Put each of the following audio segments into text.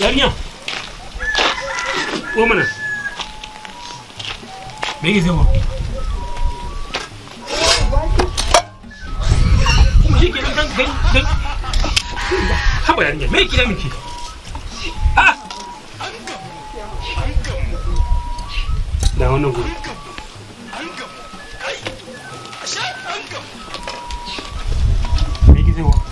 양야 어머나 맥이 세워 움직이는 뱅뱅뱅 하고 리념맥 기가 막히 아 나오는 거 매기 세워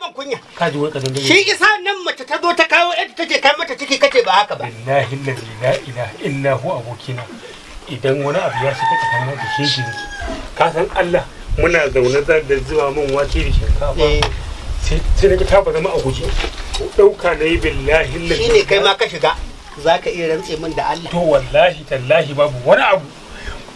kunya ka ji wani kadan shi isa nan mace ta zo ta kawo yadda take kai mata ciki kace ba haka ba billahi la ilaha illa hu abokina idan wani abu ya shiga tsakanin da shi shi ka san Allah muna zaune za da zuwa mun wake da shinkafa eh. sai na ta ba zama a guje ɗauka na yi billahi la shi ne kai ma ka shiga za ka iya rantse min da Allah to wallahi tallahi babu wani abu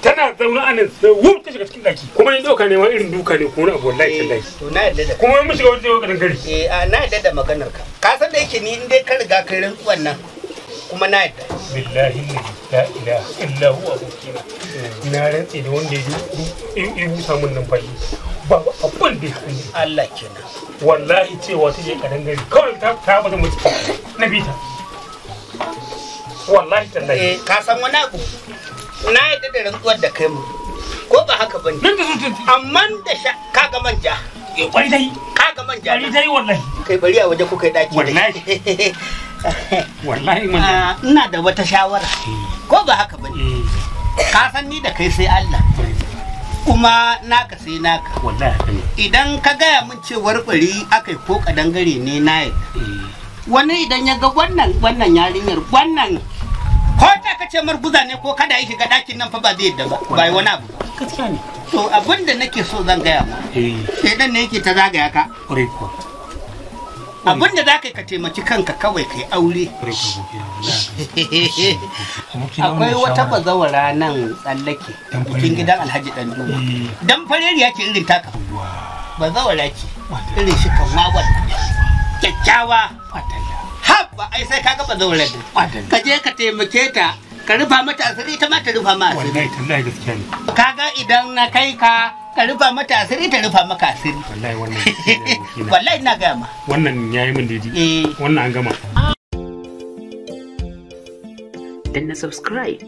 tana zaune a nan sai wuf ta shiga cikin daki kuma ni dauka ne ma irin duka ne ko na abu wallahi eh, tallahi to na yadda da kuma mun shiga wani zai garin gari eh na yadda da maganar ka ka san da yake ni in dai ka riga kai rantsuwan nan kuma na yadda billahi la ilaha illa huwa abokina eh. na rantse da wanda ya busa mun nan fari babu abin da ya Allah kenan wallahi cewa ta je kadan gari kawai ta ta bazan mutu na bita wallahi tallahi eh, ka san wani abu na yadda da rantsuwar da kai mu ko ba haka bane amma da sha. kaga manja kwari eh, dai kaga manja kwari dai wallahi kai bari a waje ko kai daki wallahi wallahi ah, manja ina da wata shawara eh. ko ba haka bane ka san ni da kai sai Allah kuma naka sai naka idan ka gaya min cewar bari akai ko kadangare ne na yi wani idan ya ga wannan wannan yarinyar wannan ko da ka ce marguza ne ko kada ya shiga ɗakin nan fa ba zai yadda ba bai wani abu gaskiya ne to abin da nake so zan gaya ma eh. sai dan ne yake ta zagaya ka abin da za ka taimaki kanka kawai kai aure akwai wata bazawara nan tsallake cikin gidan alhaji eh. dan duwa dan fareriya ke irin taka bazawara ce irin shi kan wawan kyakkyawa fatalla ai sai ka gaba zaure ka je ka taimake ta ka rufa mata asiri ita ma ta rufa ma asiri wallahi tallahi gaskiya ne kaga idan na kai ka ka rufa mata asiri ta rufa maka asiri wallahi wannan wallahi ina ga ma wannan yayi min daidai eh wannan an gama na subscribe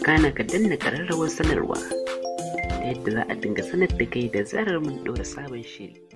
kana ka danna kararrawar sanarwa ta yadda za a dinga sanar da kai da zarar mun ɗora sabon shiri